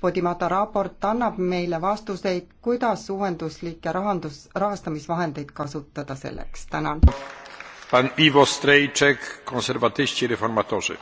Podimata raport annab meile vastuseid, kuidas uuenduslikke rahandus, rahastamisvahendeid kasutada selleks, tänan. pan Ivo Strejček, konservatisti reformatorzy